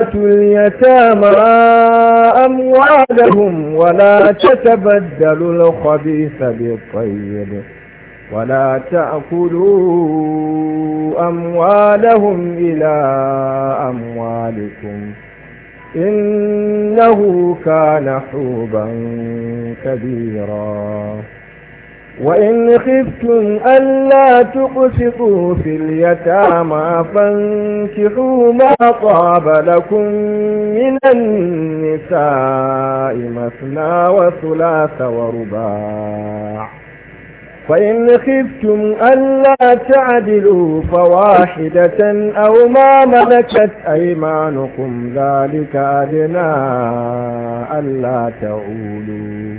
اليتامى أموالهم ولا تتبدلوا الخبيث بالطيب ولا تأكلوا أموالهم إلى أموالكم إنه كان حوبا كبيرا وإن خفتم ألا تقسطوا في اليتامى فانكحوا ما طاب لكم من النساء مثنى وثلاث ورباع فإن خفتم ألا تعدلوا فواحدة أو ما ملكت أيمانكم ذلك أدنى ألا تعولوا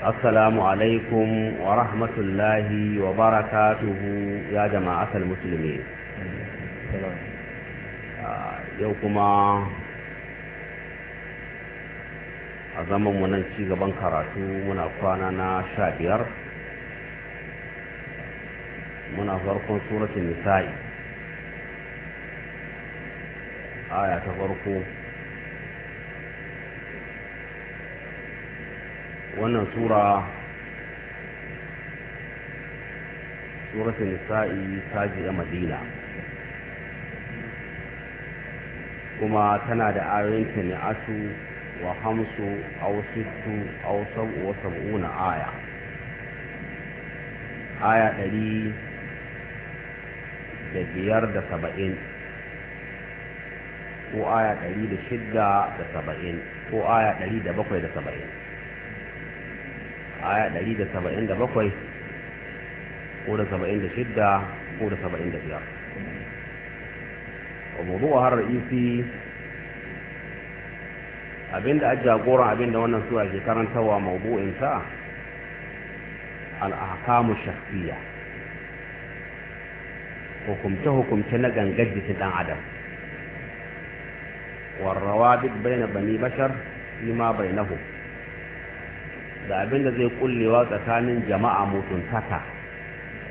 assalamu alaikum wa rahmatullahi wa barakatuhu ya jama'atul musulmi ah, yau kuma a zaman mu nan ci gaban karatu muna kwana na sha biyar muna farkon suratun nisa'i aya ta farko wannan sura suratul nisa'i ta a madina kuma tana da ayoyinta ne asu wa hamsu aw sittu aw sab'u wa sab'una aya aya ɗari da biyar da saba'in ko aya ɗari da shidda da saba'in ko aya ɗari da bakwai da saba'in aya 177 ko da 76 ko da 75 wa mawdu'a harar isi abinda a jagoran abinda wannan sura ke karantawa mawdu'in ta al-ahkamu shakhsiyya hukumce hukumce na gangar jikin dan adam warrawa duk bai na bani bashar ma fima bainahum da abin da zai kullewa tsakanin jama'a mutuntaka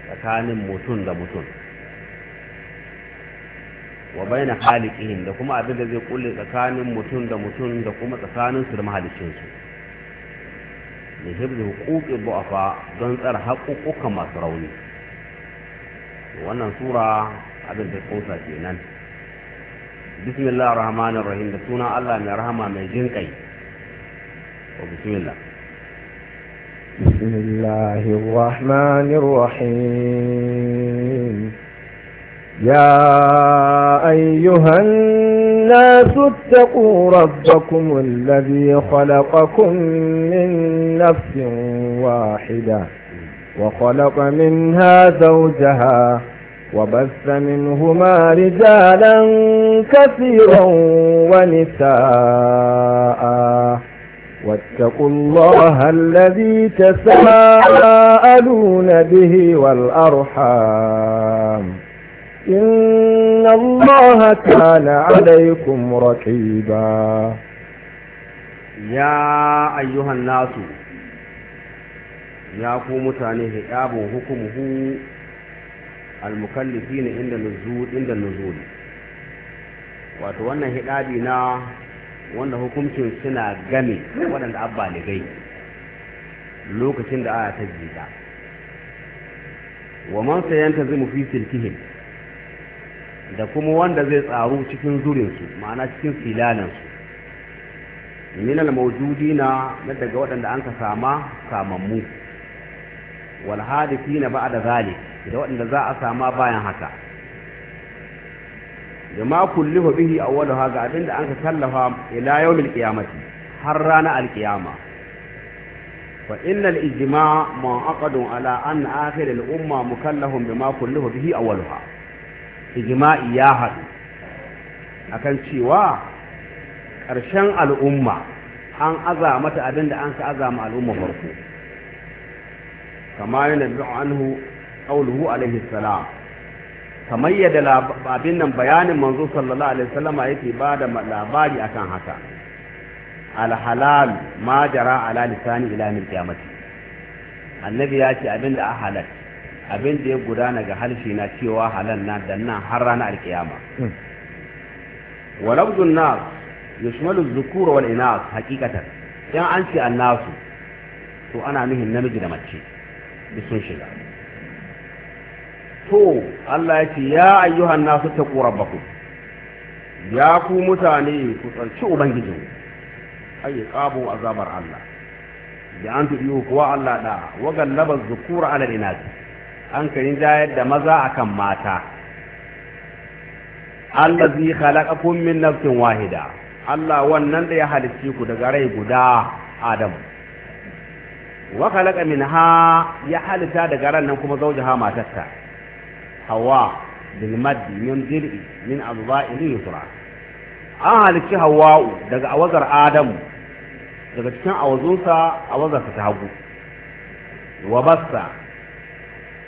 tsakanin mutum da mutum wa baina halikihin, da kuma abin da zai kulle tsakanin mutum da mutum da kuma tsakanin su da mahalicin su da hibzu huquqi du'afa don tsar haƙuƙuka masu rauni wannan sura abin da kosa kenan bismillahir rahmanir rahim da suna Allah mai rahama mai jinƙai wa bismillah بسم الله الرحمن الرحيم يا أيها الناس اتقوا ربكم الذي خلقكم من نفس واحدة وخلق منها زوجها وبث منهما رجالا كثيرا ونساء واتقوا الله الذي تساءلون به والأرحام إن الله كان عليكم رقيبا يا أيها الناس يا قوم تانيه أبو حكمه المكلفين عند النزول عند النزول وتوانا هدابنا wanda hukuncin suna game waɗanda abba ligai lokacin da aya ta jida wa man sayanta zai fi silkihim da kuma wanda zai tsaru cikin zurinsu ma'ana cikin filalansu minal maujudina na daga waɗanda an ka sama samammu wal hadithina ba'da zalik da waɗanda za a sama bayan haka bima kullihu bihi awwaluha ga abinda an ka kallafa ila yawmil qiyamati har rana alkiyama fa innal ijma' mu'aqadun ala anna akhir al umma mukallafun bima kullihu bihi awwaluha ijma'i ya hadu akan cewa karshen al'umma an aza mata abinda an ka aza ma al'umma farko kama yana bi'u qawluhu alayhi salam kamar yadda abin nan bayanin manzo sallallahu alaihi wasallama yake ba da labari akan haka alhalal ma jara ala lisani ila min qiyamati annabi ya ce abin da halal abin da ya gudana ga halshi na cewa halal na dan nan har ranar alkiyama hmm. wa lafzun nas yushmalu dhukura wal inas haqiqatan dan an ce annasu to ana nuhin namiji da mace duk sun shiga to Allah ya ce ya ayyuhan nasu ta baku ya ku mutane ku tsarci ubangijin ya qabu azabar Allah da an tuɗi kuwa Allah ɗa wa gallaba zukura ala inas an karin jayar da maza akan mata Allah zai khalaqakum min nafsin wahida Allah wannan da ya halicce ku daga rai guda Adam wa khalaqa minha ya halitta daga ran nan kuma zaujaha matarsa hawa bilmaddi min dir'i min abba'i yusra an halicci hawa'u daga awazar adamu daga cikin awazunsa awazarsa ta hagu wa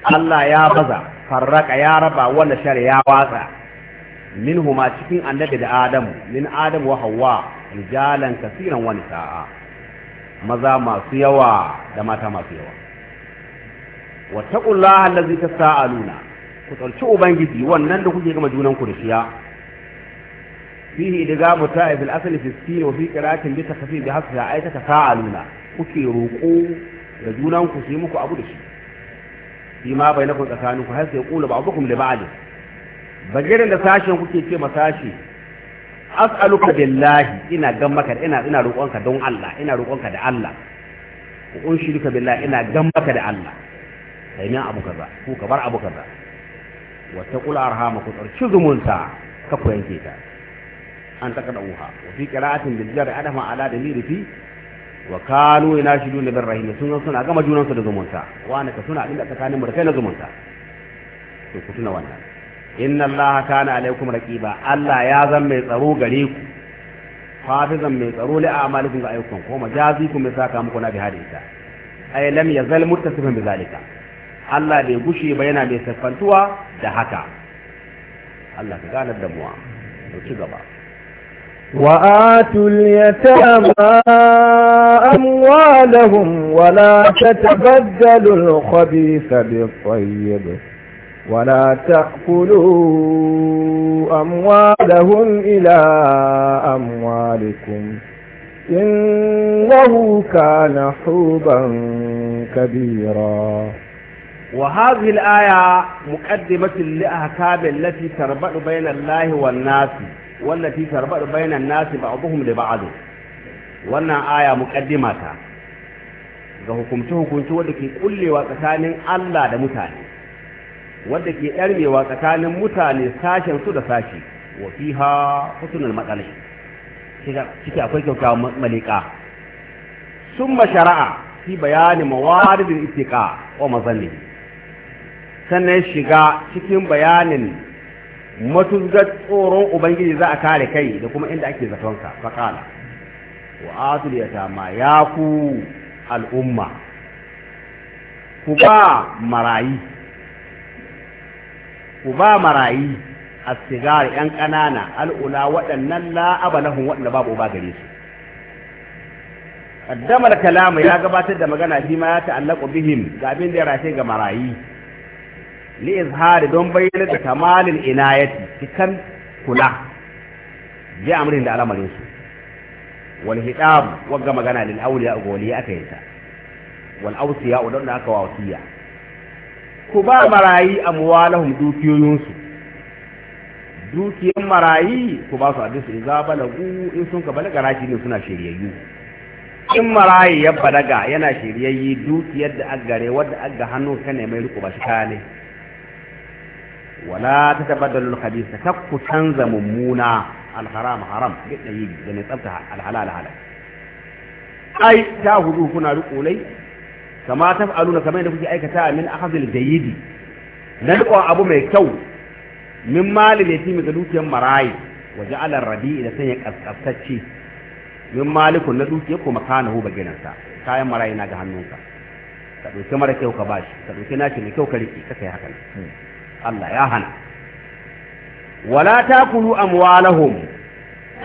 Allah ya baza farraka ya raba wanda shar ya watsa minhu ma cikin annabi da adamu min adamu wa hawa rijalan kasiran wani sa'a maza masu yawa da mata masu yawa zai ta allazi tasaaluna ku tsarci ubangiji wannan da kuke gama junan ku da shiya fihi idgamu ta'i bil asli fi sin wa fi qira'atin bi takfif bi hasbi ayta tafa'aluna kuke roƙo da junan ku sai muku abu da shi fi ma bai bainakum tsakaninku har sai qulu ba'dukum li ba'd bagirin da sashen kuke ce ma sashi as'aluka billahi ina gan maka ina ina roƙonka don Allah ina roƙonka da Allah ku unshirka billahi ina gan da Allah kai abu kaza ko ka abu kaza wata kula arhama ku tsarki zumunta ka ku yanke ta an taka da uha wa fi qira'atin bil jar adama ala damiri fi wa kanu yanashiduna bir rahim sun suna gama junan su da zumunta wa ne ka suna inda tsakanin mu da kai na zumunta to ku tuna wannan inna allaha kana alaikum raqiba allah ya zan mai tsaro gare ku hafizan mai tsaro li a'malikum ga ayyukan ko majazikum mai muku na bi hadita ay lam yazal muttasifan bi zalika Allah bai gushi ba yana bai saffantuwa da haka Allah ka gane damuwa mu ci gaba وآتوا اليتامى أموالهم ولا تتبدلوا الخبيث بالطيب ولا تأكلوا أموالهم إلى أموالكم إنه كان حوبا كبيرا وهذه الآية مقدمة لأحكام التي تربط بين الله والناس والتي تربط بين الناس بعضهم لبعض wannan aya muqaddima ta ga hukumce hukunci wanda ke kullewa tsakanin Allah da mutane wanda ke ɗarmewa tsakanin mutane sashen su da sashi wa fiha husnul matsalai ciki akwai kyakkyawan malika summa shari'a fi bayani mawaridin ittiqa wa mazannihi sannan shiga cikin bayanin matuzgar tsoron ubangiji za a kare kai da kuma inda ake zatonka faƙala wa atul yatama ya ku al'umma ku ba marayi ku ba marayi a sigari yan ƙanana al'ula waɗannan la'aba waɗanda babu ba gare su kaddamar kalamu ya gabatar da magana shi ma ya ta'allaku bihim ga abin da ya rashe ga marayi li izhari don bayyana da kamalin inayati cikan kula bi amrin da al'amarin su wal hidab wagga magana lil awliya ga aka yi ta wal awsiya don da aka wasiya ku ba marayi amwalahum dukiyoyin su dukiyan marayi ku ba su abin su balagu in sun ka balaga rashi ne suna shiryayyu in marayi ya balaga yana shiryayye dukiyar da aggare wadda agga hannu ka ne mai riko ba shi kaya ne ولا تتبدل الخبيث تكو تنز ممونا الحرام حرام قلنا يجي لن يطلتها الحلال على اي تاهدو هنا لقولي كما تفعلون كما ينفسي اي كتاء من اخذ الجيد ندقوا ابو ميكو من مال اليتيم تدوك مراي وجعل الربيع اذا سنك من مالك ندوك يكو مكانه بجنسا كاين مراي ناجه النوكا تدوك مراي كيو كباش تدوك ناشي ميكو كليكي كيو كيو Allah ya hana wala ta kulu amwalahum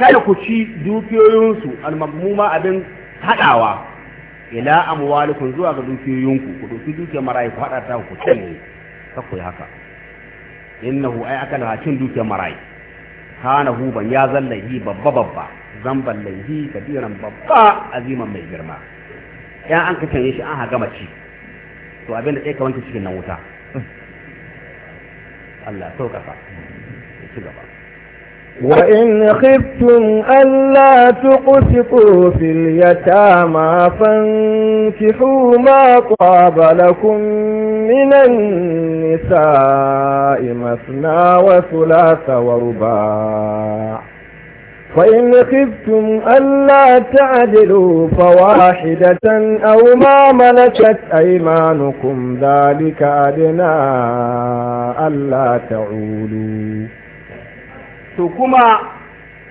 kada ku ci dukiyoyinsu almagmuma abin hadawa ila amwalikum zuwa ga dukiyoyinku ku dauki dukiyar marayi ku hada ta ku canye ka ku haka innahu ay akala hakin dukiyar marayi kana huban ya yi babba babba zamban laihi kabiran babba aziman mai girma ya an kace shi an haga mace to abin da ɗaya ka wanke cikin nan wuta Allah sauƙaƙa ci gaba وإن خفتم ألا تقسطوا في اليتامى فانكحوا ما طاب لكم من النساء مثنى وثلاث ورباع فإن خفتم ألا تعدلوا فواحدة أو ما ملكت أيمانكم ذلك أدنى ألا تعولوا تكما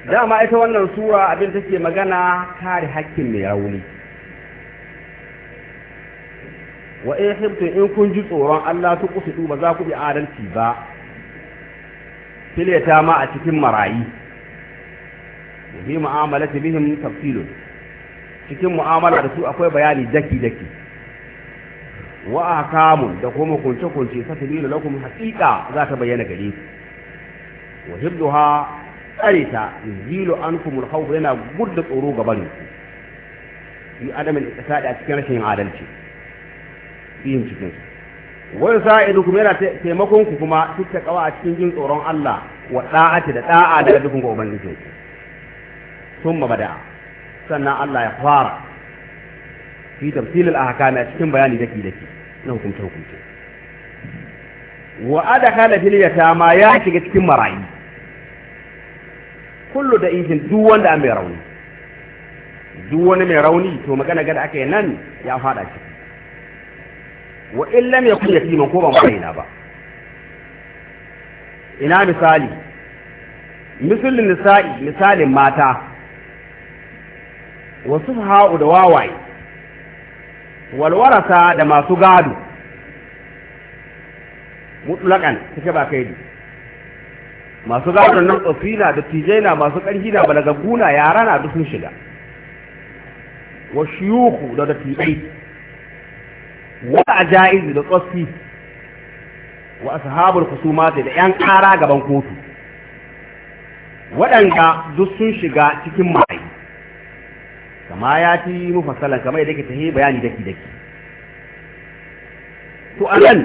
dama ita wannan sura abin take magana kare hakkin mai rauni wa in hibtu in kun ji tsoron Allah ta kusudu ba za ku bi adalci ba fileta ma a cikin marayi fi mu'amalati bihim tafsilun cikin mu'amala da su akwai bayani daki daki wa ahkamun da kuma kunce kunce ta satbilu lakum haqiqa za ta bayyana gare ku wa hibduha arita zilu ankum al-khawf yana gudda tsoro gaban ku yi adamin iktisadi a cikin rashin adalci yin cikin su wani sa'idu kuma yana taimakon ku kuma duk kawa a cikin jin tsoron Allah wa da'ati da da'a daga dukkan ubangijinku sun mabada sannan Allah ya fara fi tafsilil ahkami a cikin bayani daki daki na hukunce hukunce wa adakala fil yatama ya shiga cikin marayi kullu da ifin duk wanda an mai rauni duk wani mai rauni to magana gada aka yi nan ya fada ciki wa in lam yakun yatiman ko ban bayyana ba ina misali misalin misalin mata wasu ha'u da wawaye walwarasa da masu gado mutlakan take ba kai masu gado nan tsofina da tijaina masu ƙarfi na balagaguna yara na duk sun shiga wa shiyuku da dattijai wa ajaiz da tsoffi wa ashabul khusumati da yan ƙara gaban kotu waɗanda duk sun shiga cikin mai kama ya ci mufassalan kama yadda ke yi bayani daki daki to nan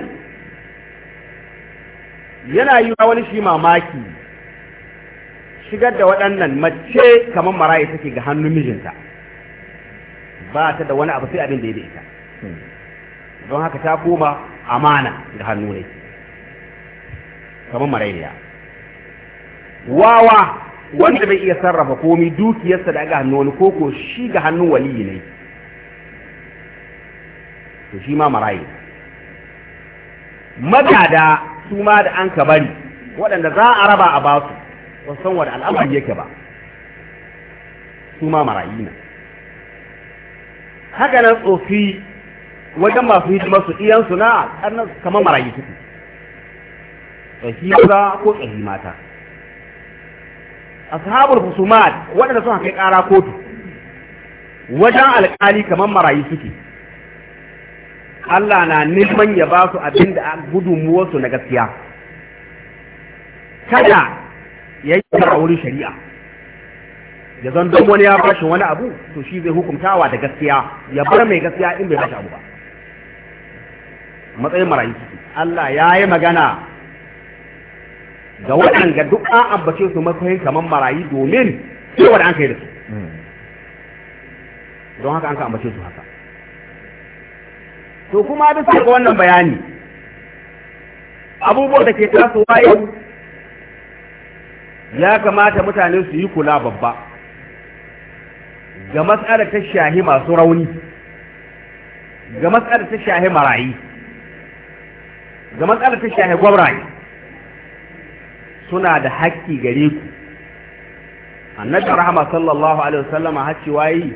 yana yi wa wani shi mamaki shigar da waɗannan mace kamar marayi take ga hannun mijinta ba ta da wani abu sai abin da ya ita don haka ta koma amana da hannu ne kamar marayiya wawa wanda bai iya sarrafa komi dukiyarsa da ga hannu wani koko shi ga hannun waliyi ne to shi ma marayi magada su ma da an ka bari waɗanda za a raba a basu ba san wani al'amari yake ba su ma marayi na haka nan tsofi wajen masu hidima su iyansu na kamar marayi suke tsohi maza ko tsohi mata ashabul husumat waɗanda suka kai ƙara kotu wajen alƙali kamar marayi suke Allah na neman ya ba su abin da su na gaskiya kada ya yi a wurin shari'a ya zan don wani ya bashi wani abu to shi zai hukuntawa da gaskiya ya bar mai gaskiya in bai bashi abu ba matsayin marayi suke Allah ya yi magana ga waɗanda duk an ambace su matsayin kamar marayi domin cewa da an kai da su don haka an ka ambace su haka to kuma duk ga wannan bayani abubuwan da ke tasowa yau ya kamata mutane su yi kula babba ga matsalar ta shahi masu rauni ga matsalar ta shahi marayi ga matsalar ta shahi gwamnati suna da haƙƙi gare ku annabi rahama sallallahu alaihi wasallam haƙƙi wayi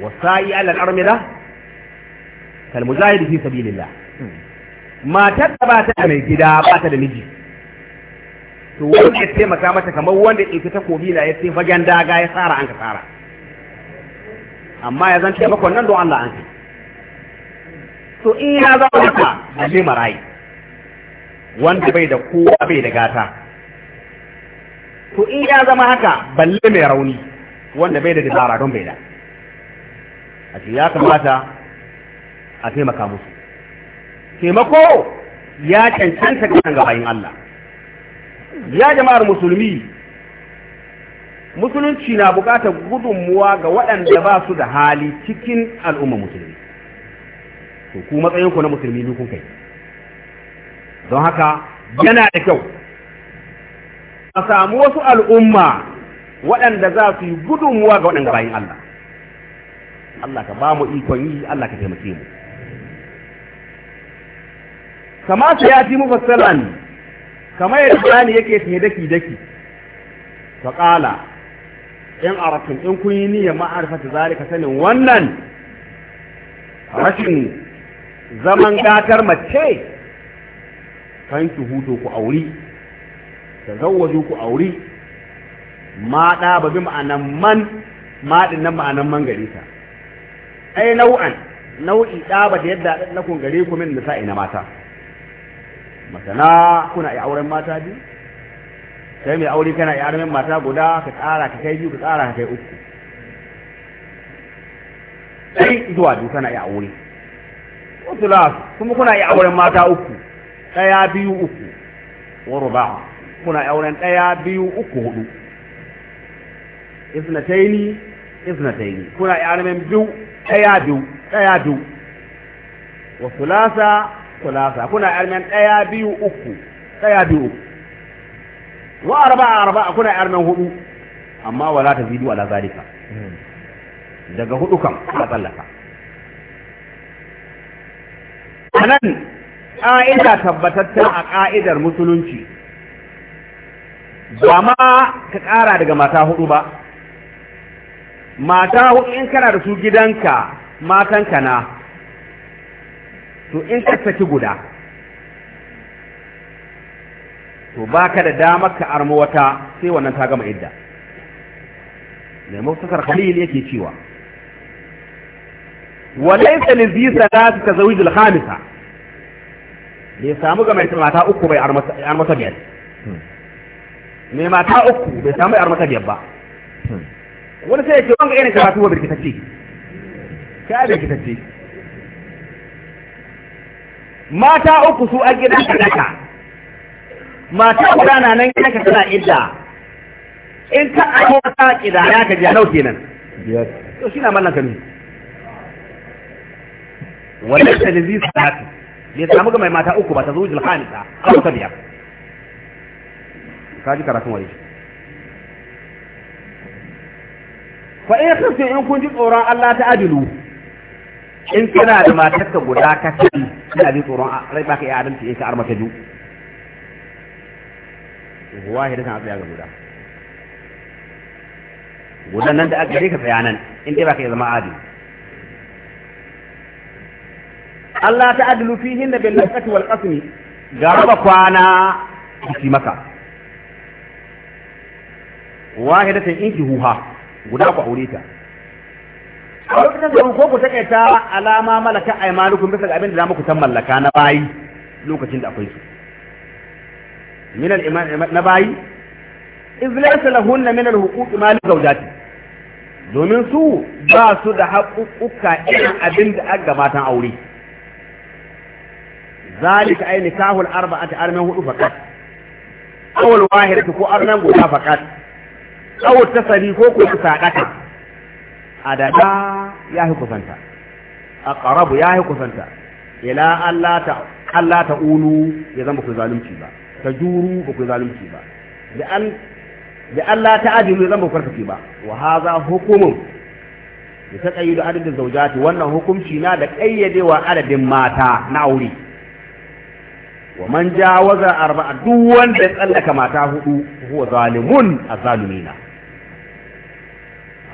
wasa'i ala al-armila kal mujahid fi sabilillah matar da ba ta mai gida ba ta da miji to wanda ya taimaka mata kamar wanda ya ɗauki takobi na ya ce fagen daga ya tsara an ka tsara amma ya zan taimakon nan don Allah an kai to in ya zama da ka a marayi wanda bai da kowa bai da gata to in ya zama haka balle mai rauni wanda bai da dabara don bai da a ce ya kamata a taimaka musu taimako ya cancanta ga gabayin Allah ya jama'ar musulmi musulunci na bukatar gudunmuwa ga waɗanda ba su da hali cikin al'umma musulmi to ku matsayinku na musulmi ne kai don haka yana da kyau a samu wasu al'umma waɗanda za su yi gudunmuwa ga waɗanda bayan Allah Allah ka ba mu ikon yi Allah ka taimake mu kama su ya ji mufassalan kama yadda bayani yake tsaye daki daki ta ƙala in arafin in kun yi niyyar ma'arifata zalika sanin wannan rashin zaman gatar mace ki huto ku auri ta zawwaju ku auri ma da ba bi ma'anan man ma din nan ma'anan man gare ta ai nau'an nau'i da ba da yadda na kun gare ku min nisa ina mata masana kuna ai auren mata biyu sai mai aure kana ai auren mata guda ka tsara ka kai biyu ka tsara ka kai uku sai zuwa biyu kana ai aure wasu kuma kuna ai auren mata uku ɗaya biyu uku wa ruba kuna auren ɗaya biyu uku hudu isnataini isnataini kuna auren biyu ɗaya biyu ɗaya biyu wa sulasa sulasa kuna auren ɗaya biyu uku ɗaya biyu uku wa arba arba kuna auren hudu amma wala ta zidu ala zalika daga hudu kam ka tsallaka anan ƙa'ida tabbatattun a ƙa'idar musulunci ba ma ka ƙara daga mata hudu ba mata hudu in kana da su gidanka matanka na to in ka saki guda to ba ka da damar ka armo wata sai wannan ta gama idda mai mafisar khalil yake cewa walaisa za su ka zaujil hamisa bai samu ga mai mata uku bai ar masa biyar hmm. mai mata uku bai samu ar masa biyar ba hmm. wani sai ya ce wanga irin karatu wa birkitacce ka birkitacce mata uku su an gida ka daka mata guda na nan gida ka tana idda in ka aiko ta ya ka ji nau kenan to shi na mallaka ne wannan talizi sa bai samu ga mai mata uku ba ta zo zujul hamisa ko ta biyar ji karatun wani fa in kasu in kun ji tsoron Allah ta adilu in kana da matarka guda ka sani ina ji tsoron rai baka iya adalci in ka arma ta ju wahida kan tsaya ga guda gudan nan da aka ka tsaya nan in dai baka iya zama adili Allah ta adlu fihin da bil nafati wal qasmi garaba kwana ki maka wahidatan ki huha guda ku aure ta a lokacin da ko ku take ta alama malaka aymanukum bisa ga abin da zamu ku tan mallaka na bayi lokacin da akwai su min al na bayi iz laysa lahunna min al huquq ma zawjati domin su ba su da haƙuƙuka irin abin da aka gabatan aure zalika ay nikahul arba'ati arman hudu faqat awal wahidatu ko arnan guda faqat aw tasari ko ku sadaka adada ya hi kusanta ya hi kusanta Allah ta ulu ya zama ku zalunci ba ta juru ba zalunci ba da Allah ta ajiru ya zama ku ba wa hadha hukumun adadin zaujati wannan hukunci na da kayyadewa adadin mata na aure wa man jawaza arba'a duk wanda ya tsallaka mata hudu huwa zalimun azalimina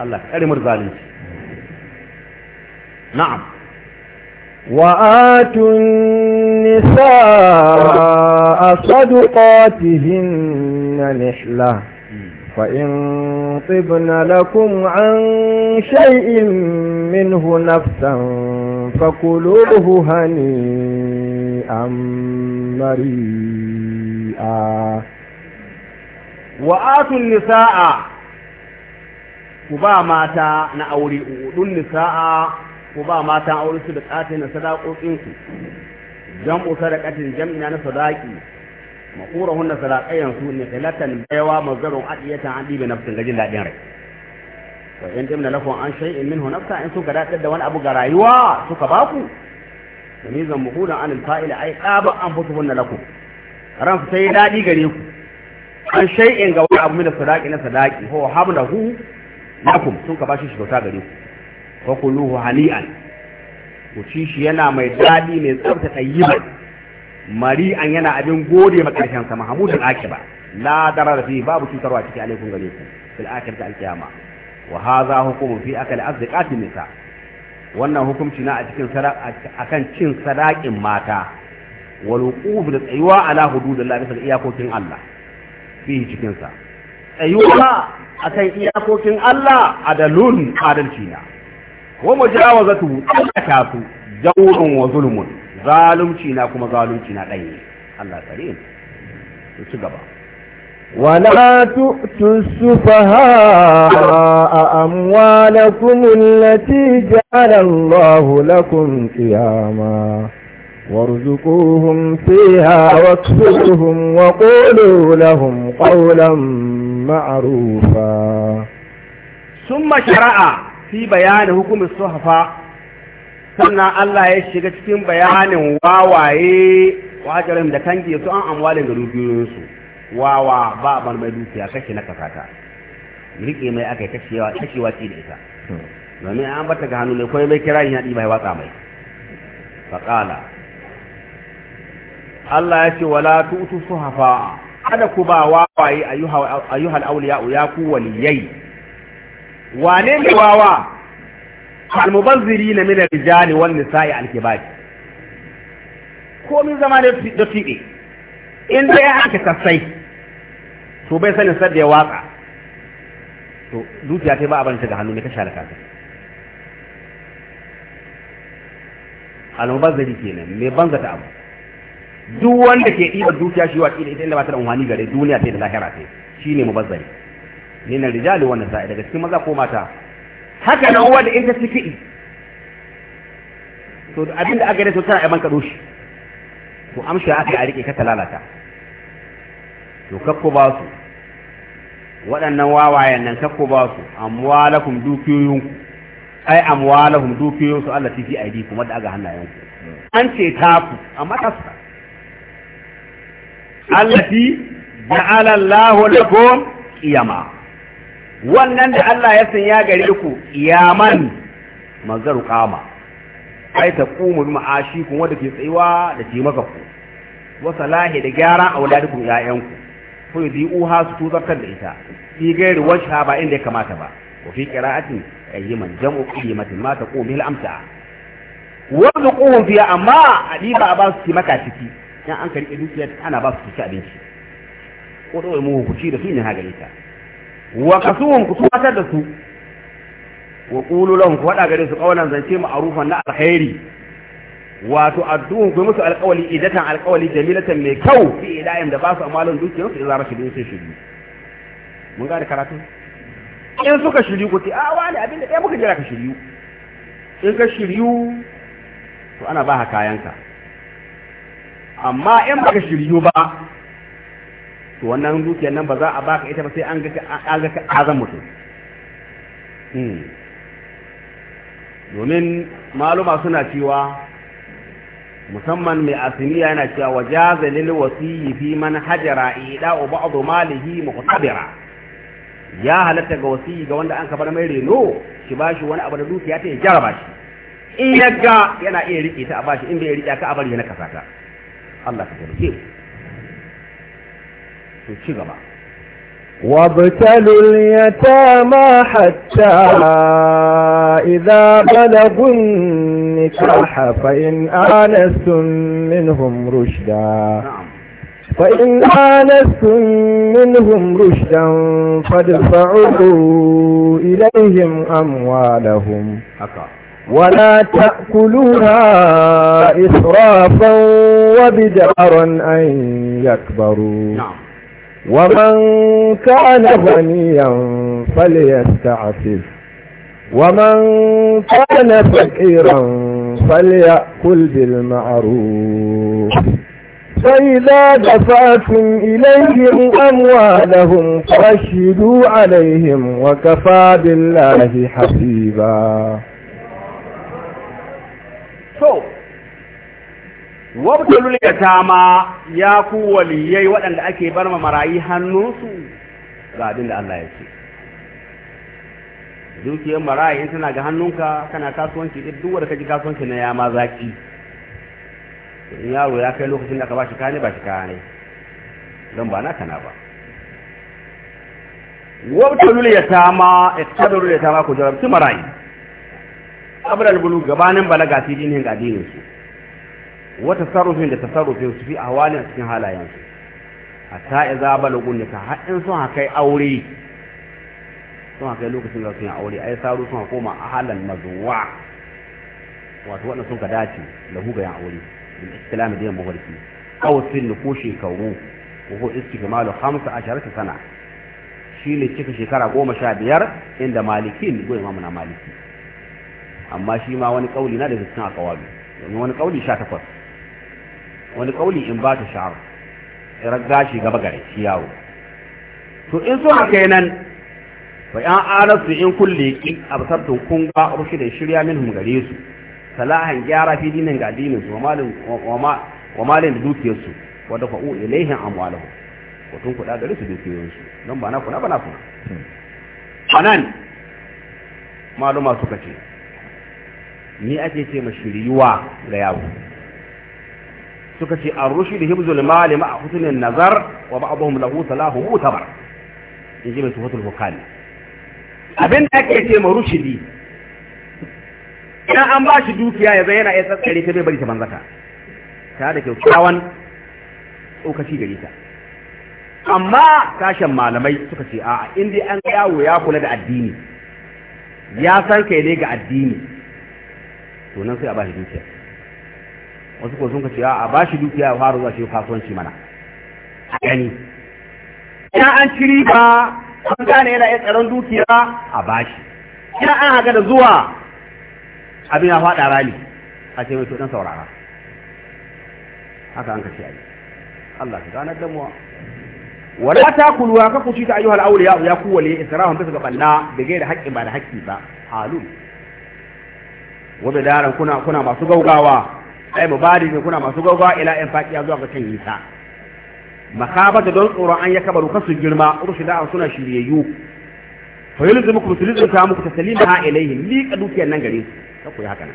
Allah karimar zalunci na'am وآتوا النساء صدقاتهن نحلة فإن طبن لكم عن شيء منه نفسا فكلوه هنيئا am mari'a wa atun nisa'a ku ba mata na aure uɗun nisa'a ku ba mata aure su da ƙati na sadaƙoƙin ku dan usa da ƙatin jam'ina na sadaƙi makura hunna sadaƙayen su ne kailatan baiwa mazgarin aɗiyata an ɗibe na fitin gajin daɗin rai wa in dimna lakum an shay'in minhu nafsa in suka dadar da wani abu ga rayuwa suka baku tamizan muhudan anil fa'ila ai qaba an futuhunna lakum ran sai dadi gare ku an shay'in ga wani abu min sadaqi na sadaqi huwa hablahu lakum sun ka bashi shi kyauta gare ku fa kuluhu Hali'an ku shi yana mai dadi mai tsafta tayyiba mari'an yana abin gode ma karshen sa mahmudul akiba la darara fi babu cutarwa cikin alaikum gare ku fil akhirati al qiyamah wa hadha hukumun fi akal azqati nisa' wannan hukunci na a cikin akan cin sadakin mata wal da tsayuwa ala hududillah bisa ga iyakokin Allah fihi cikin sa tsayuwa akan iyakokin Allah adalun adalci na wa mujawazatu tsaka su jawrun wa zulmun zalunci na kuma zalunci na dai Allah karim su gaba ولا تؤتوا السفهاء أموالكم التي جعل الله لكم قياما وارزقوهم فيها واكسوهم وقولوا لهم قولا معروفا ثم شرع في بيان حكم الصحفاء sannan Allah ya shiga cikin bayanin wawaye wajarin da kan su an amwalin da dukiyoyinsu wawa ba a mai dukiya kashe na kasata rike mai aka kashewa kashewa ce da ita domin an bata ga hannu ne kuma mai kira yin haɗi mai watsa mai faƙala Allah ya ce wala tutu suhafa kada ku ba wawaye ayyuhal auliya ya ku waliyai wane ne wawa almubazziri na min rijali wal nisa'i Ko min zama da fiɗe in dai aka tsaye to bai sanin sadda ya watsa to dukiya ta ba a banta ga hannu ne ka shalaka ta almubazzari kenan mai banza ta abu duk wanda ke ɗiba dukiya shi wa da ita inda ba ta da umarni gare duniya ta da lahira ta shi ne mubazzari ne na rijali wannan sa'i daga cikin maza ko mata haka nan uwa da ita ciki to abinda aka gare to tana aiman kaɗo shi to amsha aka yi a riƙe ka ta lalata to kakko ba su waɗannan wawayen nan kakko ba su amwalakum dukiyoyinku ai amwalahum dukiyoyinsu Allah fi kuma da aga hannayenku an ce ta ku amma ta su Allah fi ja'ala Allahu lakum qiyama wannan da Allah ya sanya gare ku qiyaman mazar qama ai ta ma'ashi kun wanda ke tsayuwa da ce maka ku wa salahi da gyara auladukum ya'yanku ko yi uha su tuzartar da ita fi gairi wajha ba inda ya kamata ba wa fi qira'atin qayyiman jam'u qayyimatin ma taqum bil amsa warzuquhum fiha amma adiba ba su ci maka ciki dan an karɓi dukiya ana ba su ci abinci ko da dole mu hukuci da su ne ha gare ta wa kasuhum ku tuwatar da su wa qulu lahum ku faɗa gare su qawlan zance ma'rufan na alkhairi wato addu'un kuma musu alƙawali idatan alƙawali jamilatan mai kyau fi idayen da ba su amalan dukiyar su idan rashidin sai shiri mun gane karatu in suka shiri ku ce a wani abin da ɗaya muka jira ka shiryu in ka shiryu to ana ba ka kayanka amma in baka shiryu ba to wannan dukiyar nan ba za a baka ita ba sai an ga an ga azan mutum hmm. domin maluma suna cewa musamman mai asiniya yana cewa wajaza lil wasiyyi fi man hajara ida'u ba'd malihi muqtabira ya halatta ga wasiyyi ga wanda an bar mai reno shi shi wani abu da dukiya ta ya jaraba shi in yagga yana iya rike ta a bashi in bai rike ka a bari na kasata Allah ka tabbata to ci gaba وابتلوا اليتامى حتى إذا بلغوا النكاح فإن آنستم منهم رشدا فإن آنستم منهم رشدا فادفعوا إليهم أموالهم ولا تأكلوها إسرافا وبدارا أن يكبروا نعم ومن كان غنيا فليستعفف ومن كان فقيرا فليأكل بالمعروف فإذا دفعتم إليهم أموالهم فرشدوا عليهم وكفى بالله حسيبا wabtalul yatama ya ku waliyai waɗanda ake bar ma marayi hannunsu ga abin da Allah ya ce dukiyar marayi in tana ga hannunka kana kasuwanci duk duwar ka ji kasuwanci na yama zaki in yaro ya kai lokacin da ka ba shi kane ba shi kane don ba na kana ba wabtalul yatama ittadul yatama ku jarabti marayi abdal bulu gabanin balaga fi hin ga dinin su wata sarrufin da tasarrufin su fi ahwali a cikin halayensu a ta iza balagun nika ta haɗin sun haka aure sun haka lokacin da sun yi aure ai saru sun koma a halar mazuwa wato wannan sun ka dace da hugayen aure bil islam da mawarki Kawasin ni ko shekaru ko ko a 15 sana Shi ne cika shekara goma sha biyar inda malikin ne goyi mamuna maliki amma shi ma wani kauli na daga cikin akawabi wani kauli takwas. wani kauli in ba ta sha'ar tsirar gashi gaba gare shi yawo to in so haka kai nan fa yan anasu in kulle ki absartun kun ga ushi da shirya min gare su salahan gyara fi dinin ga dinin su wa malin da dukiyar su wa da fa'u ilaihin amwalahu ko tun kuɗa gare su dukiyoyin su don ba na kuna ba na kuna anan maluma suka ce ni ake ce ma shiriyuwa ga yawo suka ce an rushi da hibzul mali a husnul nazar wa ba ba'dhum lahu salahu mutabar in ji mai tufatul hukami abin da ake ce ma rushidi idan an ba shi dukiya ya zai yana iya tsatsare ta bai bari ta banzata ta da kyakkyawan tsokaci gare ta amma tashin malamai suka ce a inda an yawo ya kula da addini ya san kai ne ga addini to nan sai a ba shi dukiya wasu ko sun ka ce a bashi dukiya ya fara zuwa shi kasuwanci mana a gani Ya an ci riba an gane yana iya tsaron dukiya a bashi. Ya an haka da zuwa abin ya faɗa rali a ce mai to ɗan saurara haka an ka ce yi. Allah ka ganar da mu wala takulu ka kaku ta ayyuhal awliya ya ku wale israhum bisa ga banna da gaira haƙƙi ba da haƙƙi ba halu wa bidaran kuna kuna masu gaugawa ai mubari ne kuna masu gaugawa ila in faqiya zuwa ga kan isa makabata don tsoron an ya kabaru kasu girma urushida an suna shiryayyu fa muku tulizu ta muku tasalima ha ilaihi liqa dukiyar nan gare su koyi yi haka nan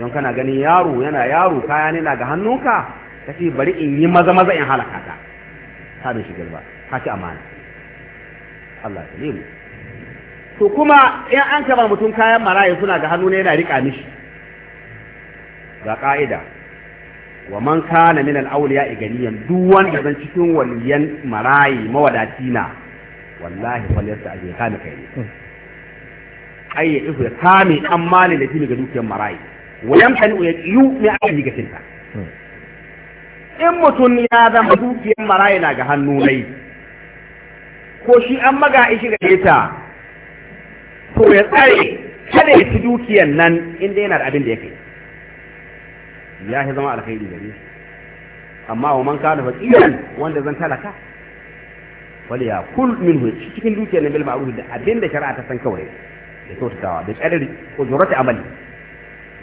don kana ganin yaro yana yaro kaya ne na ga hannunka kace bari in yi maza maza in halaka ta ta da shi ba ka ci amana Allah ya salimu to kuma in an kaba mutum kayan maraye suna ga hannu ne yana rika mishi ga ka'ida wa man kana min al-awliya ganiyan duk wanda zan cikin waliyan marayi mawadati na wallahi a aje kame kai ai ya ifu ya kame an mali da ga dukiyar marayi wa kan ya yu ya aji ga tinta in mutum ya zama dukiyar marayi na ga hannu nai ko shi an maga ishi ga ita to ya tsare kada ya ci dukiyar nan inda yana da abin da ya kai ya shi zama alkhairi gare shi amma wa man kana faqiran wanda zan talaka wali ya kul minhu cikin dukiyar na bil ma'ruf da abinda shari'a ta san kawai da kyautatawa da tsadari ko jurata amali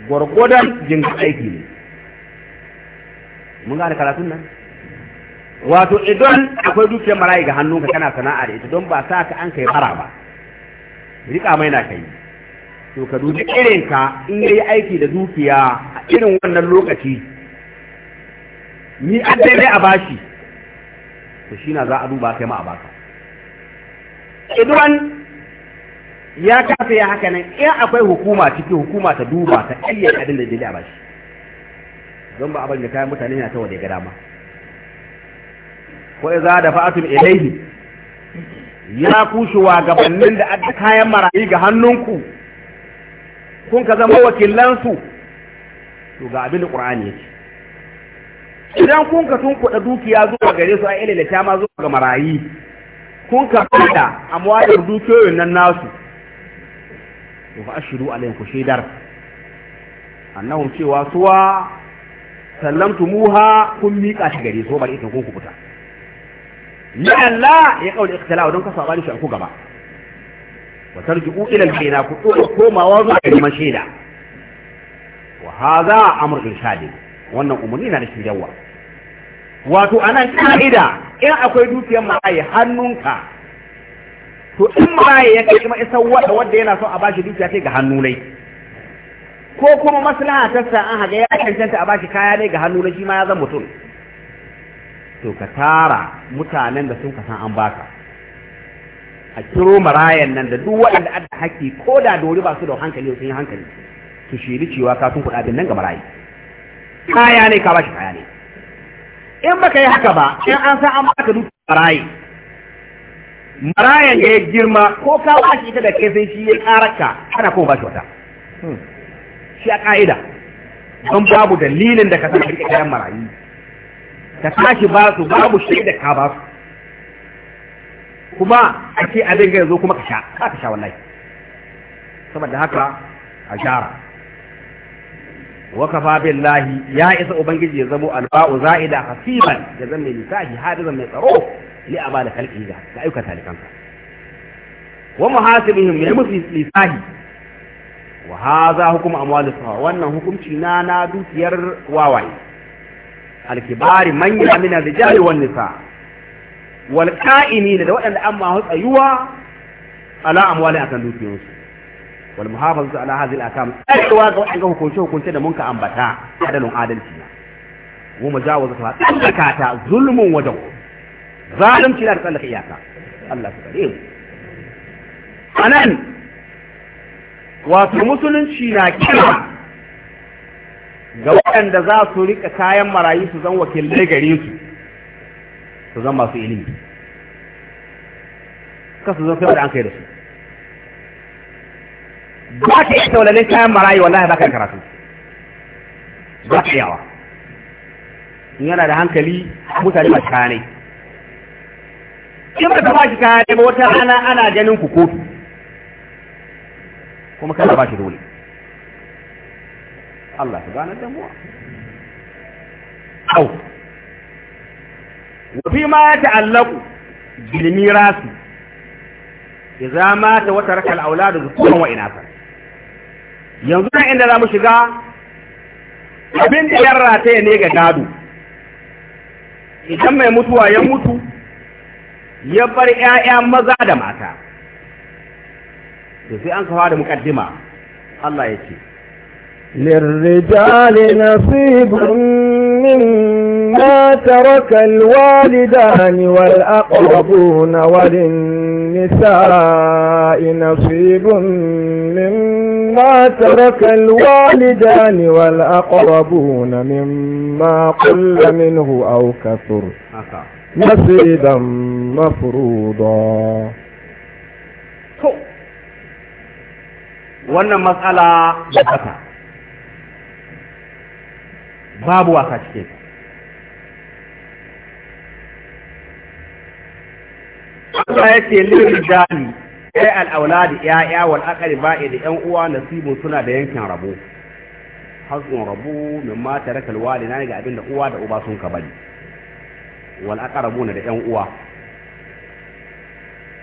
gwargwadon jinga aiki ne mun gane karatun nan wato idan akwai dukiyar marayi ga hannunka kana sana'a da ita don ba sa ka an kai bara ba rika mai na kai to ka dubi irin ka in yayi aiki da dukiya a irin wannan lokaci ni an dai a bashi to shi na za a duba kai ma a baka idan ya kafa ya haka nan in akwai hukuma ciki hukuma ta duba ta ƙayyade kadin da daidai a bashi don ba abin da kayan mutane na ta wade ga dama ko za da fa'atul ilaihi ya kushe wa gabanin da adda kayan marayi ga hannunku kun ka zama wakilansu to ga abin da ya yake idan kun ka tun kuɗa dukiya zuwa gare su a ilalata ma zuwa ga marayi kun ka fada da dukiyoyin nan nasu to fa ashiru alayhi ku shaidar annahum cewa suwa muha, kun miƙa shi gare su ba ita kun ku fita ya Allah ya da ikhtila don ka saba ni shi ku gaba wa tarji'u ila al-bayna ku komawa zuwa ga neman shaida wa hadha amr shadi. wannan umarni na da shiryawa wato anan ka'ida in akwai dukiyar maraye hannunka to in maraye ya kai ma isa wanda yana so a bashi dukiya sai ga hannu ne ko kuma maslaha ta sa an haga ya cancanta a bashi kaya ne ga hannu ne shi ma ya zama mutum to ka tara mutanen da sun ka san an baka a kiro marayan nan da duk waɗanda an da haƙƙi ko da dori ba su da hankali sun yi hankali su shiri cewa ka sun kuɗa nan ga marayi kaya ne ka bashi kaya ne in baka yi haka ba in an san an baka dukkan marayi marayan da ya girma ko ka bashi ita da kai sai shi ya karaka ana kuma bashi wata hmm. shi a ka'ida don babu dalilin da ka san ka kayan marayi ka tashi ba su babu da ka ba su kuma a ce abin ga yanzu kuma ka sha ka ka sha wallahi saboda haka a gyara wa kafa billahi ya isa ubangiji ya zamo alba'u za'ida hasiban ya zama mai misahi hadizan mai tsaro li abada khalqi ga da ayyukan talikansa wa muhasibihim ya musu lisahi wa hadha hukum amwal sawa wannan hukunci na na dukiyar wawaye alkibari manya ya min rijali wan nisa' wal qa'imina da waɗanda an ma tsayuwa ala amwali akan dukiyoyinsu wal muhafazatu ala hadhihi al akam tsarewa ga waɗanda hukunce hukunce da mun ka ambata adalin adalci mu wa majawazatu tsallaka ta zulmun wajen zalunci na da tsallaka iyaka Allah ta kare mu anan wato musulunci na kira ga waɗanda za su riƙa kayan marayu su zan wakilai gare su su zan masu ilimi kasu zo kai da an kai da su ba ka yi taulalin kayan marayi wallahi ba ka karatu ba ka yawa in yana da hankali mutane masu kaya ne in ba ta ba shi kaya ne ba wata ana ana ganin ku kotu kuma kana ba shi dole Allah ta gane damuwa. Au, wafi ma ya ta'allaku bilmi rasu ya mata ta wata al-awlad dhukuran wa inatha yanzu na inda za mu shiga abin da yarra ta ne ga gado idan mai mutuwa ya mutu ya bar yaya maza da mata da sai an kawo da mukaddima Allah ya ce lirrijali نصيب من ما ترك الوالدان والأقربون وللنساء نصيب مما ترك الوالدان والأقربون مما قل منه أو كثر نصيبا مفروضا wannan matsala da babu wasa cikin Allah ya ce lirijali ai al'auladi ya'ya wal aqriba da yan uwa nasibu suna da yankin rabo hazun rabo min ma taraka nan ga abinda uwa da uba sun ka bari wal aqrabuna da yan uwa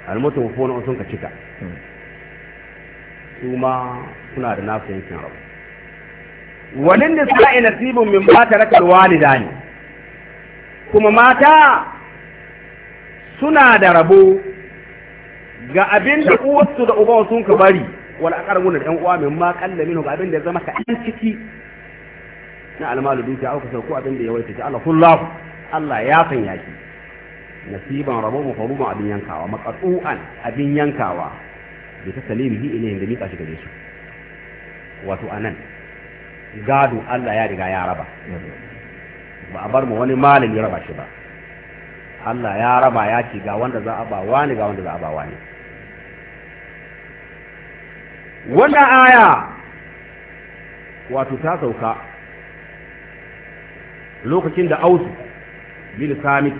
almutawafuna sun ka cika su ma suna da nasu yankin rabo walin da sa'i nasibun min ma taraka alwalidani kuma mata suna da rabo ga abin da uwarsu da uba sun ka bari wala aqrabuna da yan uwa min ma qalla minu ga abin da ya zama ka ɗan ciki na almalu dukiya aka sauko abin da ya waita ta Allah kullahu Allah ya san yaki nasiban rabo mafruban abin yankawa maqatu'an abin yankawa bi ta salimihi ilayhi da mika shi gare su wato anan gado Allah ya riga ya raba ba a bar mu wani malami raba shi ba Allah ya raba ya ce ga wanda za a ba wani ga wanda za a ba wani wannan aya wato ta sauka lokacin da ausu bin samit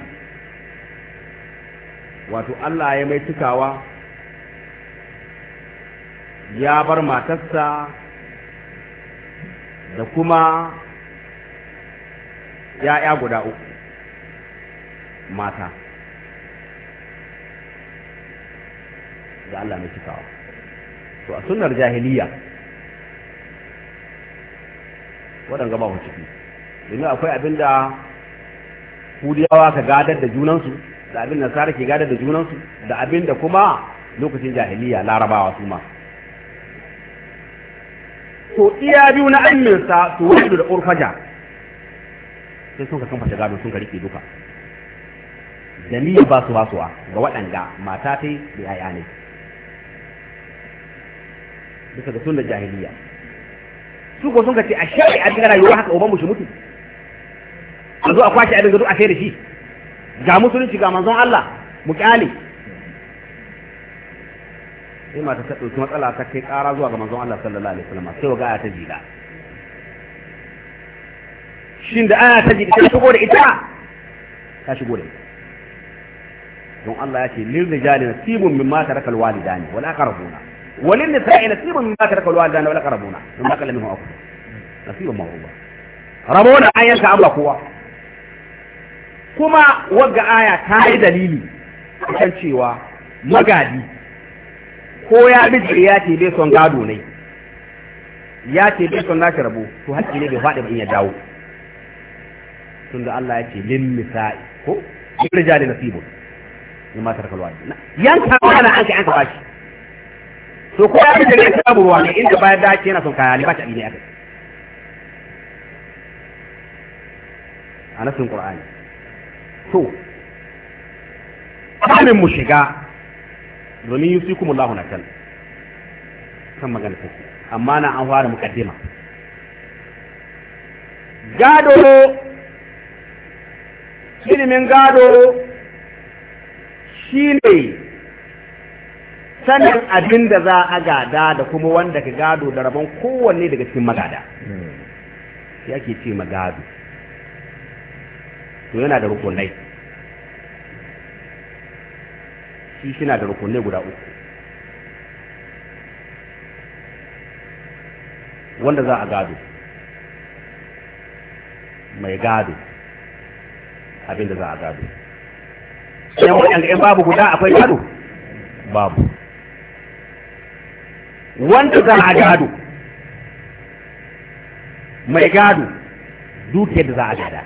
wato Allah ya mai cikawa ya bar matarsa da kuma ya'ya guda uku mata ga Allah mai cikawa to a sunnar jahiliya waɗanda ba ciki domin akwai abin da hudiyawa ka gadar da junansu da abin da sara ke gadar da junansu da abin da kuma lokacin jahiliya larabawa su ma to iya biyu na amminsa su wasu da urfaja sai sun ka kan fashe gado sun ka rike duka da niyyar ba su basuwa ga waɗanda mata ta da yaya ne bisa ga sunan jahiliya su ko sun ka ce a shari'a abin rayuwa haka uban shi mutu a zo a kwashe abin gado a sai da shi ga musulunci ga manzon Allah mu kyale sai mata ta ɗauki matsala ta kai ƙara zuwa ga manzon Allah sallallahu alaihi wasallam sai ga ta jida shin da aya ta jida ta shigo da ita ta shigo da ita don Allah ya ce lil rijali nasibun mimma taraka alwalidani wal aqrabuna walin nisa'i nasibun mimma taraka alwalidani wala aqrabuna don haka lamin hawa nasibun mawruba rabona an yanka abla kowa kuma wagga aya ta yi dalili kan cewa magadi ko ya bi ya ce bai son gado ne ya ce bai son nashi rabo to hakki ne bai faɗi ba in ya dawo tunda Allah ya ce lin nisa'i ko lil nasibun in ma tarkal wajib yanka wani an ka an ka bashi to ko ya fita ne babu ruwa ne inda bayan dace yana son kaya ne ba ta bi ne akai a nasin qur'ani to kamin mu shiga domin yusikum Allahu nakal kan magana take amma na an fara mukaddima gado ilimin gado shi ne sanin abin da za a gada da kuma wanda ka gado da rabon kowanne daga cikin magada ya ke ce magado to yana da rukunai shi shi na da rukunai guda uku wanda za a gado mai gado abin da za a gado sai waɗanda 'yan babu guda akwai gado babu wanda za a gado mai gado dukiyar da za a gada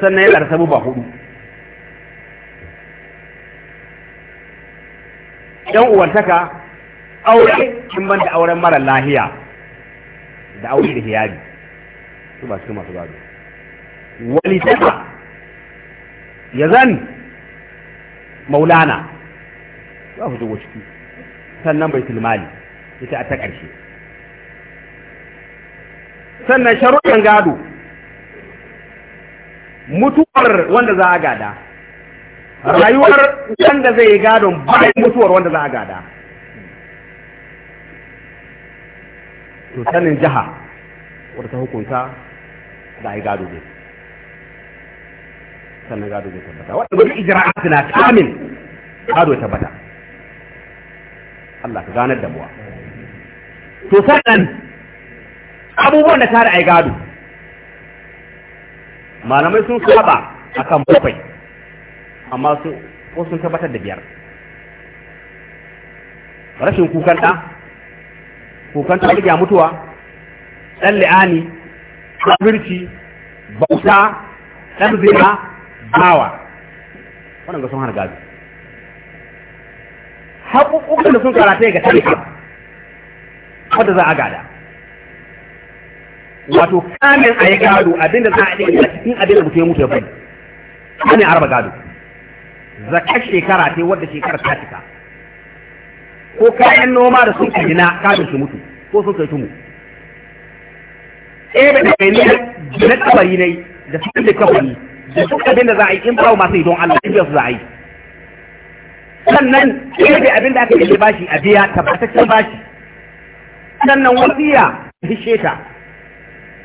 sannan yana da ba hudu ɗan uwantaka aure in ban da auren mara lahiya da aure da hiyari su ba su masu gado wali tafa ya zan maulana za su zuwa ciki sannan bai tilmali ita a ta ƙarshe sannan sharuɗin gado mutuwar wanda za a gada rayuwar wanda zai gado gadon bayan mutuwar wanda za a gada to sanin jiha wadda ta hukunta da a yi gado dai. sannan gado zai tabbata waɗanda duk ijra'at suna kamin gado tabbata Allah ka ganar da muwa to sannan abubuwan da tare ai gado malamai sun saba kan bakwai amma ko sun tabbatar da biyar rashin kukan ɗa kukan ta riga mutuwa ɗan li'ani kafirci bauta ɗan zina bawa wannan ga sun hana gado haƙuƙuƙan da sun karata ga wadda za a gada wato kamin a yi gado abinda za a yi da cikin abinda mutum ya mutu ya bari kamin raba gado zakar shekara ce wadda shekara ta cika ko kayan noma da sun kajina kamin su mutu ko sun kai tumu ɗaya da ɗaya ne na kabari ne da sun da kabari da duk abin da za a yi in bawo masu idon Allah in su za a yi sannan da abin da aka yi bashi a biya tabbataccen bashi sannan wasiya bishe ta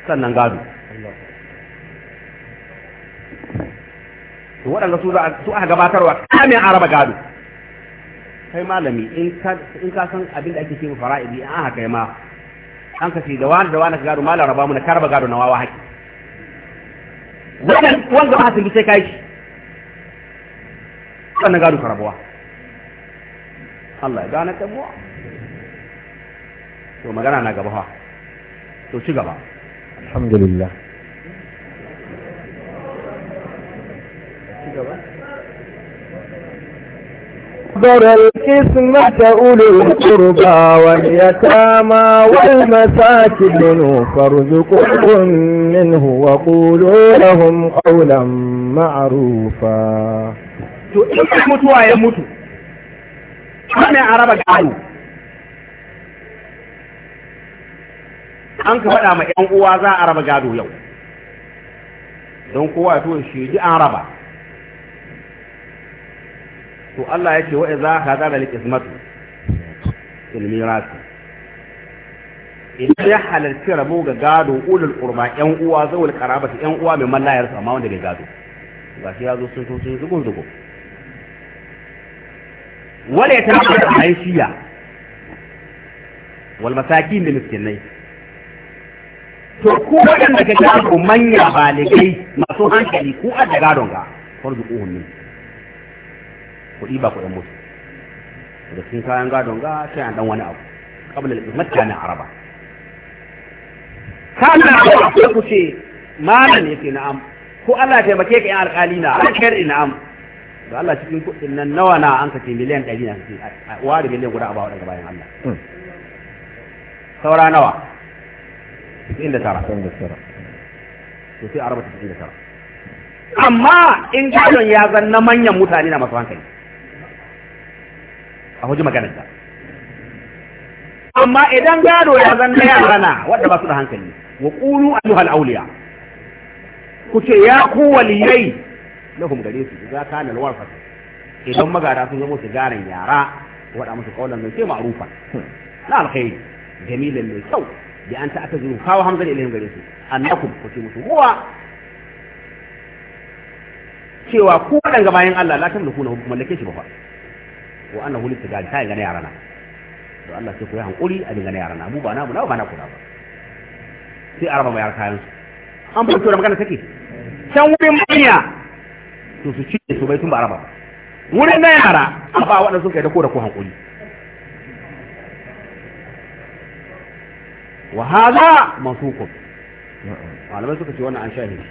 sannan gado to waɗanda su su aka gabatarwa kamin araba gado kai malami in ka in ka san abin da ake cewa fara'idi an haka ma an ka ce da wani da wani gado malam raba na karaba gado na wawa haƙi wannan ba ma sai kai shi wannan gado karabuwa Allah ya gane kabuwa to magana na gaba ha to ci gaba alhamdulillah ci gaba قدر القسمة أولي القربى واليتامى والمساكين فارزقهم منه وقولوا لهم قولا معروفا to in ka mutuwa ya mutu ana a raba gado an ka faɗa ma 'yan uwa za a raba gado yau don kowa ya to shi ji an raba to Allah ya ce wa'iza ka zara likismatu ilmirati idan ya halarci rabo ga gado ulul qurba yan uwa zawul qarabati yan uwa mai mallayar amma wanda bai gado gashi ya zo sun so sun zugun zugo wala ya tabbata da haishiya wal masakin da miskinai to ku wadanda ka gado manya baligai masu hankali ku a da gadon ga farzu ku hunni kuɗi ba kuɗin mutu da cikin kayan gadon ga sai an dan wani abu kabla da matta na araba kana da ku ce malam yake na'am ko Allah ya taimake ka in alƙali na alƙar na'am da Allah cikin kuɗin nan nawa na an kace miliyan 100 na kace ware miliyan guda a bawa daga bayan Allah hmm. saura nawa da tara. tara to sai araba da tara. amma in gadon ya zanna manyan mutane na masu hankali a huji maganar ta amma idan gado ya zan na rana, wadda ba su da hankali wa qulu ayyuhal awliya ku ce ya ku waliyai lahum gare su za ka nal warfa idan magara sun zama su garan yara wada musu kaulan mai ce ma'rufa la alkhairi jamilan mai kyau da an ta'ata zuru kawo hamzan ilayhim gare su annakum ku ce musu huwa cewa ku waɗanga bayan Allah la tamliku na mallake shi ba fa ko ana wuli ta ta gane na. to Allah sai ku yi hankuri a dinga na abu ba na mu na ba na kula ba sai araba bayar kayan su an fito da magana take can wurin manya to su ci su bai tun ba araba wurin na yara a ba waɗanda sun kai da ko da ko hankuri wa hada masukun malamai suka ce wannan an shahi shi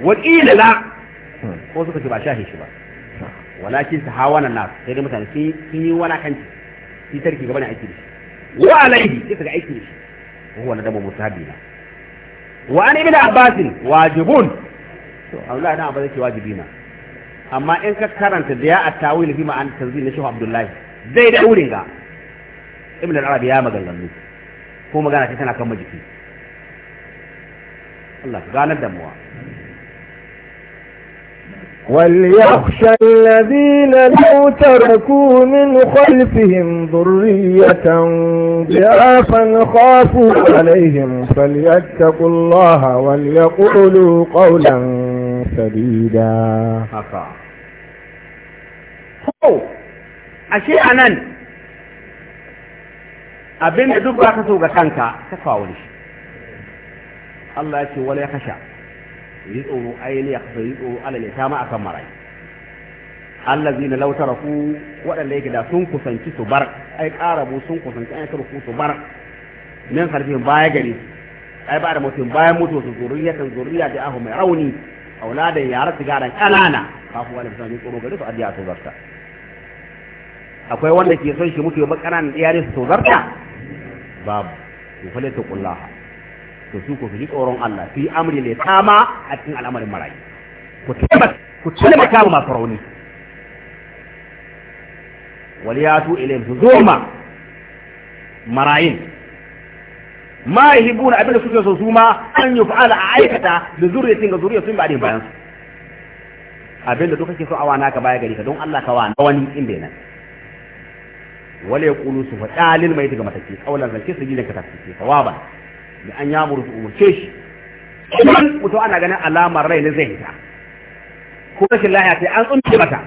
wakila la ko suka ce ba shahi shi ba walakin ta na nasu, sai dai mutane sun sun yi walakanci shi tarki gaba ne aiki da shi wa alaihi sai kaga aiki da shi huwa nadamu musabi na wa an ibn abbas wajibun to Allah dan abbas yake wajibi na amma in ka karanta da ya at-tawil fi ma'an tanzil na shehu abdullahi zai da wurin ga ibn al-arabi ya maganganu ko magana ta tana kan majiki Allah ganar da muwa وليخشى الذين لو تركوا من خلفهم ذرية ضعافا خافوا عليهم فليتقوا الله وليقولوا قولا سديدا ashe a nan abin da duk ba ka so ga kanka ka kawo yi tsoro ayin ya kasa yi tsoro alal ta ma akan marayi allazi na lauta ku waɗanda yake da sun kusanci su bar ai karabu sun kusanci ai tarku su bar min harfin baya gari ai ba da mutum baya mutu su kan zuriya da ahu mai rauni auladan yara sigaran ƙanana kafu wani mutum ne tsoro gari su adiya su zarta akwai wanda ke son shi mutu ba ƙananan iyali su zarta babu to fa ta kullaha to su ko su ji tsoron Allah su yi amri ne tama a cikin al'amarin marayi ku taimaka ku taimaka ma masu rauni waliyatu ilayhim su zo ma marayin ma yahibuna abinda suke so su ma an yi fa'ala a aikata da zuriyatin ga zuriyatin ba da bayan su da duka kake so a wana ka baya gari ka don Allah ka wana wani inda yana wala kulu su fa dalil mai daga mataki kaulan zance su gidan ka tafi sawaba da an ya murfi umurce shi kuma mutum ana ganin alamar rai na zai hita ko rashin lahiya sai an tsunce mata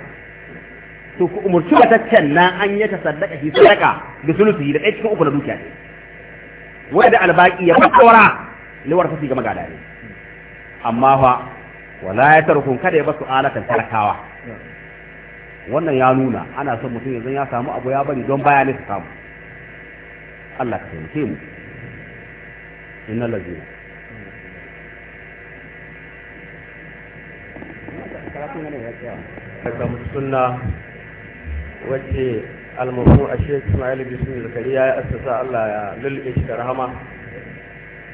to ku umurci can nan an yi ta sadaka shi sadaka da yi da ɗaya cikin uku na dukiya ne wanda albaki ya fara liwar fasi ga magada amma fa wala ya tarku kada ya basu alatan talakawa wannan ya nuna ana son mutum yanzu ya samu abu ya bari don baya ne su samu Allah ka taimake mu innal ladina daga sunna wacce almahu a shek ismail bisu zakariya ya assasa allah ya lulluɓe shi da rahama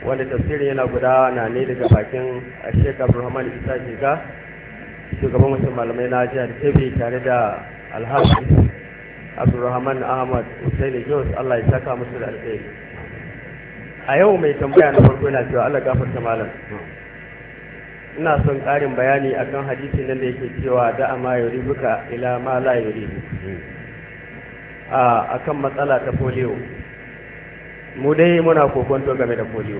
wanda tafsirin yana guda na ne daga bakin a shek abdulrahman isa shiga shugaban wasu malamai na jihar kebbi tare da alhaji abdulrahman ahmad hussein jos allah ya saka musu da alheri a yau mai tambaya na farko yana cewa Allah gafarta malam ina son ƙarin bayani akan hadisi nan da yake cewa da'a ma yuribuka ila ma la yuribu a akan matsala ta polio mu dai muna kokonto game da polio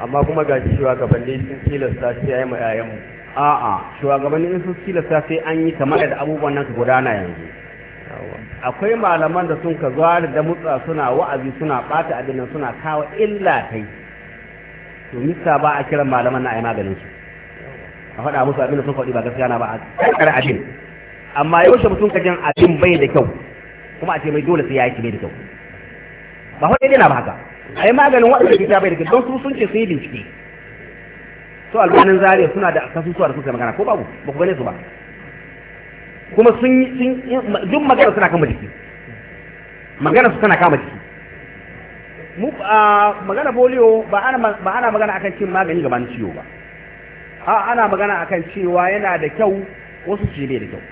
amma kuma ga shugabanni sun tilasta sai ayi ma 'ya'yanmu. mu a'a shugabanni sun tilasta sai an yi kamar da abubuwan nan su gudana yanzu akwai malaman da sun ka zuwa da mutsa suna wa'azi suna bata abin suna kawo illa ta yi to mista ba a kiran malaman na ayi maganin su a faɗa musu abin da sun faɗi ba gaskiya na ba a kankar abin amma yaushe mutum ka jin abin bai da kyau kuma a ce mai dole sai ya yi bai da kyau ba faɗi dai na ba haka a yi maganin waɗanda fita bai da kyau don su sun ce sun yi bincike to albanin zariya suna da kasusuwa da suka magana ko babu ba ku gane su ba kuma sun yi duk magana suna kama jiki magana su tana kama jiki mu magana polio ba ana magana akan cin magani gaban ciwo ba a ana magana akan cewa yana da kyau wasu su bai da kyau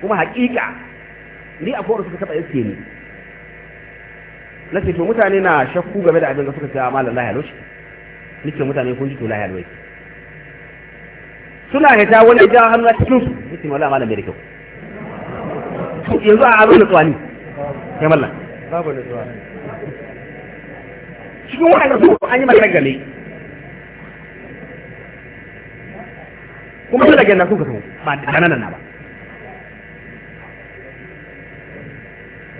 kuma hakika ni a kowace suka taba yake ni na ce to mutane na shakku game da abin da suka ce ah, amma lallahi haloshi nake mutane kun ji to lallahi haloshi suna hita wani ya hannu a cikin su yake mala malam bai da kyau yanzu a abin nutsuwa ne ya malla babu nutsuwa cikin wani su an yi magana gale kuma su daga nan sun tafi ba da nan ba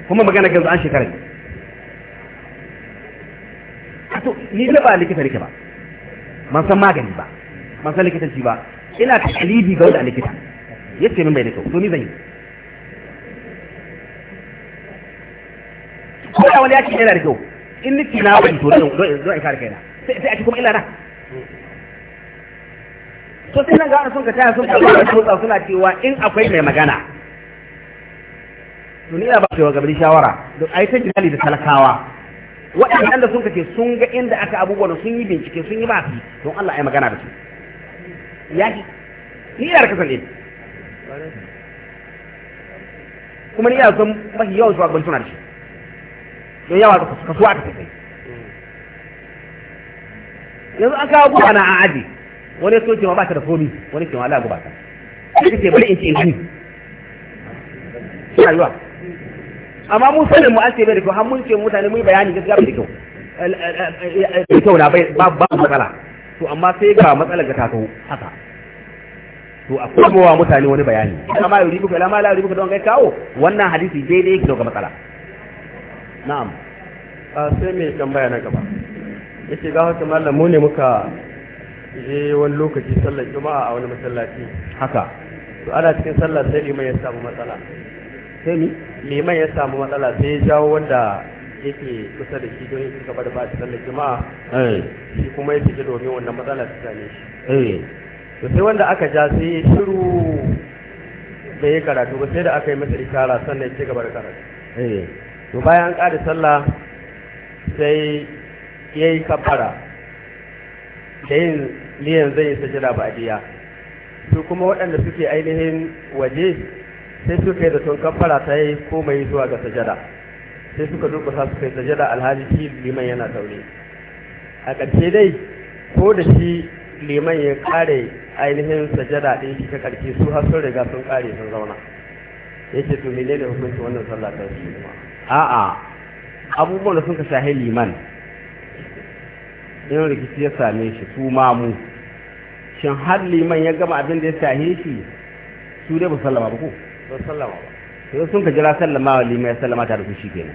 kuma magana ganzu an shekara ne a to ni da ba likita nake ba man san magani ba man san likitanci ba ina ta kalibi ga wanda likita ya ce min bai da kyau to ni zan yi ko da wani ya ce yana da kyau in ni ci na wani to zo in kare kaina sai a ci kuma illa na to sai nan ga wani sun ka taya sun ka ba da suna cewa in akwai mai magana to ni ina ba cewa gaban shawara don yi ta jinali da talakawa waɗanda sun ka ce sun ga inda aka abubuwan sun yi bincike sun yi ba su don Allah ya magana da su yaki ni ina da kasance kuma ni ina son mafi yawan shugaban tuna da shi don yawa ka suwa ka kai yanzu an kawo guba na aji wani ya soke ma ba ta da komi wani ke wala guba ta ita ke bari in ce in ji suna yiwa amma mun sanin mu an ce bai da kyau har mun ce mutane mun bayani gaskiya bai da kyau da kyau na bai babu matsala to amma sai ga matsalar ga ta haka to a kuma mutane wani bayani ina ma yuri buka lama ma la yuri buka don kai kawo wannan hadisi daidai yake daga matsala na'am a sai mai tambaya na gaba yace ga haka mallam mu ne muka je wani lokaci sallar juma'a a wani masallaci haka to ana cikin sallar sai liman ya samu matsala sai ni liman ya samu matsala sai ya jawo wanda yake kusa da shi don yake gaba da ba ta sallar jima'a eh. shi kuma ya fita domin wannan matsala ta same shi eh. to sai wanda aka ja sai shiru da ya karatu ba sai da aka yi masa ikara sannan ya ci gaba da karatu eh. to bayan ƙara sallah sai ya yi kafara da yin liyan zai sajira ba jiya. su kuma waɗanda suke ainihin waje sai suka yi da tun kafara ta yi komai zuwa ga sajada sai suka sa suka yi sajada alhaji shi liman yana zaune a ƙarshe dai ko da shi liman ya ƙare ainihin sajada ɗin shi ta ƙarshe su har sun riga sun ƙare sun zauna ya ce to menene hukunci wannan sallah ta shi kuma a'a abubuwan da suka shahi liman in rikici ya same shi su mamu shin har liman ya gama abin da ya shahi shi su dai ba sallama ba ko ba sallama ba sai sun ka jira sallama wa liman ya sallama ta da su shi kenan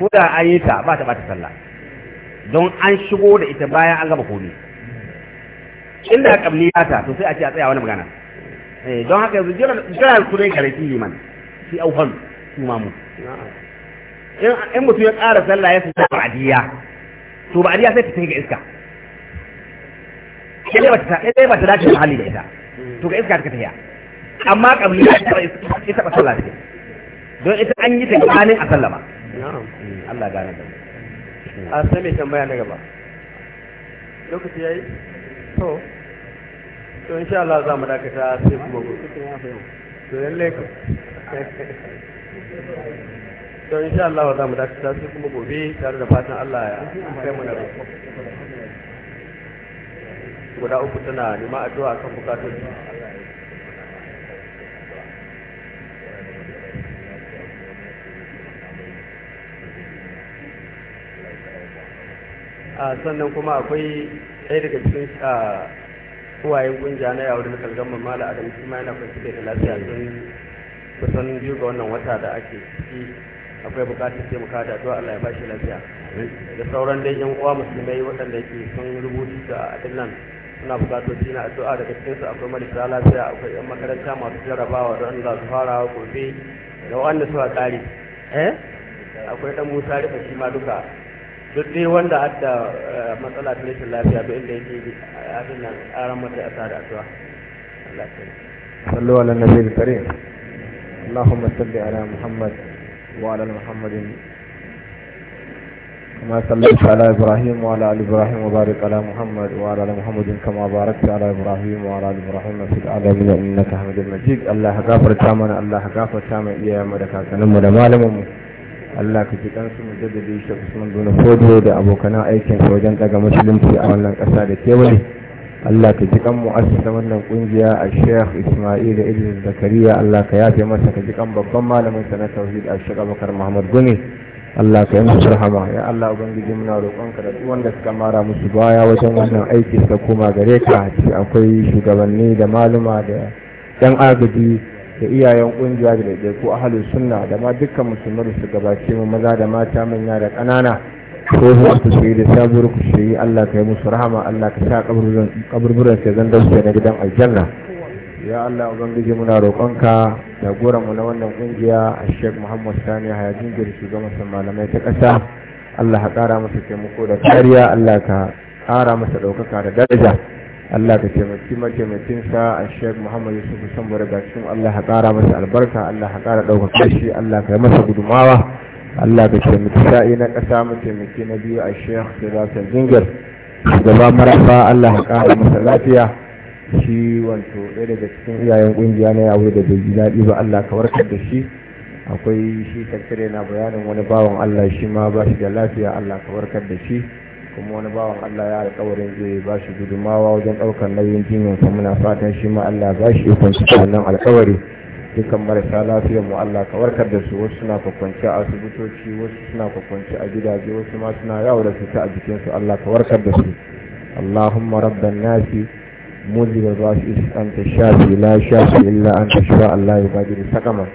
ko da an yi ta ba ta bata sallah don an shigo da ita bayan an gama komi inda ya ta to sai a ce a tsaya wani magana eh don haka yanzu jiran kudin karfi liman fi auhan su mamu in mutum ya ƙara sallah ya sanya ba'adiyya to ba'adiyya sai ta tafi iska sai ba ta dace da hali da ita to ga iska ta tafiya amma ya ta taɓa sallah ke, don ita an yi ta gabanin a sallama Allah gane da a sai mai tambaya na gaba lokaci yayi to to insha Allah za mu dakata sai kuma gobe to lalle ku to insha Allah za mu dakata sai kuma gobe tare da fatan Allah ya kai mu na guda uku tana nema addu'a kan bukatun sannan kuma akwai ɗaya daga cikin kuwayen kungiya na yawon da kalgan mamala a damsu ma yana kwanci da lafiya sun kusan biyu ga wannan wata da ake ciki akwai bukatar taimaka da addu'a Allah ya bashi lafiya da sauran dai yan uwa musulmai waɗanda yake sun rubuta da adin nan suna bukatoci na addu'a daga cikin su akwai marisa lafiya akwai yan makaranta masu jarabawa don za su fara gobe da wanda suka a eh? akwai ɗan Musa rufe shi ma duka duk dai wanda adda eh, matsala ta rashin lafiya ba inda yake abin nan aran mata a tare addu'a Allah ya tsare sallu ala nabiyil karim Allahumma salli ala Muhammad wa ala كما صليت على ابراهيم وعلى ال ابراهيم وبارك على محمد وعلى ال محمد كما باركت على ابراهيم وعلى ال ابراهيم في العالمين انك حميد مجيد الله غافر تامن الله غافر تامن يا مدكا كنم da malamin mu Allah ka ji kansu mu jaddade shi Usman Duna Fodo da abokanan aikin wajen daga musulunci a wannan kasa da kewaye Allah ka ji kan wannan kungiya a Sheikh Ismail Idris Zakariya Allah ka yafe masa ka ji kan babban malamin sa na tauhid a Sheikh Abubakar Muhammad Gumi Allah ka yi musu rahama ya Allah ubangiji muna roƙonka da wanda suka mara musu baya wajen wannan aiki suka koma gare ka akwai shugabanni da maluma da yan agaji da iyayen kungiya da ko ahalin sunna da ma dukkan musulmai da su gabace mu maza da mata manya da ƙanana tsohon su su yi da sabuwar ku su yi Allah ka yi musu rahama Allah ka sa kaburburan su zan ya na gidan aljanna ya Allah ubangiji muna roƙonka da goran mu na wannan kungiya a Sheikh Muhammad Sani Hayajin Gari shugaban malamai ta ƙasa Allah ka kara masa taimako da kariya Allah ka kara masa ɗaukaka da daraja Allah ka taimaki mataimakinsa a Sheikh Muhammad Yusuf san daga cikin Allah ya ƙara masa albarka Allah ya ƙara ɗaukaka shi Allah ka yi masa gudumawa Allah ka taimaki sa'i na ƙasa mataimaki na biyu a Sheikh Sirata Zingar shugaba maraba Allah ya ƙara masa lafiya shi wato ɗaya daga cikin iyayen ƙungiya na yawo da bai ji daɗi ba Allah ka warkar da shi akwai shi tattare na bayanin wani bawan Allah shi ma ba shi da lafiya Allah ka warkar da shi kuma wani bawan Allah ya alƙawarin zai ba shi gudumawa wajen ɗaukar nauyin jinyar sa muna fatan shi ma Allah ba shi ikon su wannan alƙawari dukkan marasa lafiyar mu Allah ka warkar da su wasu suna kwakwanci a asibitoci wasu suna kwakwanci a gidaje wasu ma suna yawo da fita a jikin su Allah ka warkar da su Allahumma rabban nasi su iska anta shafi la shafi illa anta shafa Allah ya bajiri sakama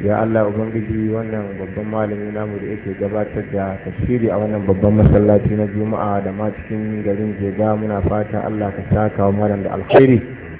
ya Allah ubangiji wannan babban malami namu da yake gabatar da tafsiri a wannan babban masallaci na juma'a da ma cikin garin jega muna fata Allah ka saka wa maran da alkhairi